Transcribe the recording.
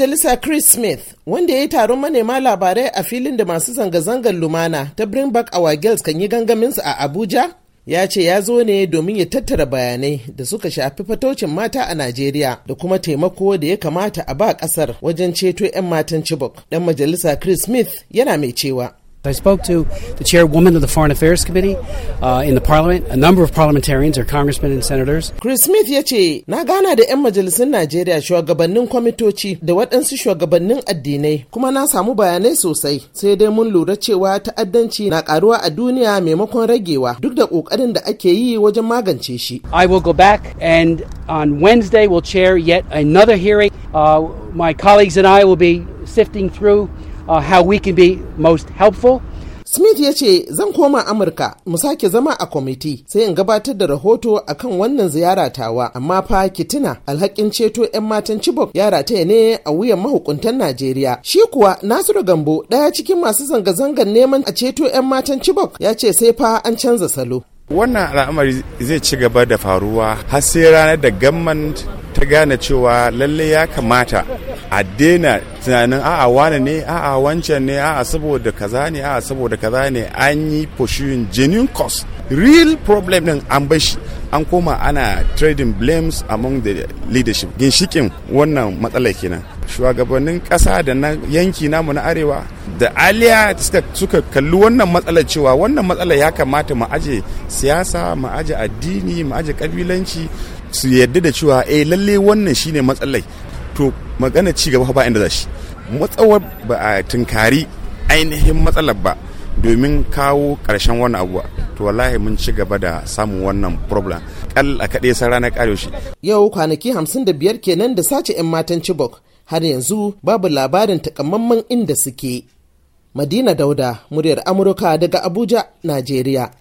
majalisa Chris Smith, wanda ya yi taron manema labarai a filin da masu zanga-zangar lumana ta Bring Back Our Girls kan yi gangaminsu a Abuja, ya ce ya zo ne domin ya tattara bayanai da suka shafi fatocin mata a Najeriya da kuma taimako da ya kamata a ba kasar wajen ceto 'yan matan Chibok. Dan majalisa Chris Smith yana mai cewa. I spoke to the chairwoman of the Foreign Affairs Committee uh, in the Parliament, a number of parliamentarians or congressmen and senators. Chris Smith ya ce, na gana da 'yan majalisun Najeriya shugabannin kwamitoci da waɗansu shugabannin addinai kuma na samu bayanai sosai sai dai mun lura cewa ta'addanci na karuwa a duniya maimakon ragewa duk da ƙoƙarin da ake yi wajen magance shi. I will go back and on Wednesday we'll chair yet another hearing. Uh, my colleagues and I will be sifting through Uh, how we can be most helpful. Smith ya ce zan koma Amurka mu sake zama a kwamiti sai in gabatar da rahoto akan wannan ziyara tawa amma fa kitina alhakin ceto 'yan matan Chibok ya rataya ne a wuyan mahukuntan Najeriya. Shi kuwa Nasiru Gambo ɗaya cikin masu zanga-zangar neman a ceto 'yan matan Chibok ya ce sai fa an canza salo. Wannan al'amari zai ci gaba da faruwa har sai ranar da gamman ta gane cewa lalle ya kamata a daina tunanin a'a wane ne a'a wancan ne a'a saboda kaza ne a'a saboda kaza ne an yi pursuing genuine cause real problem din an bashi an koma ana trading blames among the leadership ginshikin wannan matsalar kenan shugabannin kasa da na yanki namu na arewa da aliya suka kalli wannan matsalar cewa wannan matsalar ya kamata mu aje siyasa mu aje addini mu aje kabilanci su yadda da cewa eh lalle wannan shine matsalai to magana ci gaba ba inda za shi matsawar ba a tunkari ainihin matsalar ba domin kawo ƙarshen wannan abu to wallahi mun ci gaba da samun wannan problem kal a kade sa ranar kare shi yau kwanaki hamsin da biyar kenan da sace 'yan matan chibok har yanzu babu labarin takamaiman inda suke madina dauda muryar amurka daga abuja najeriya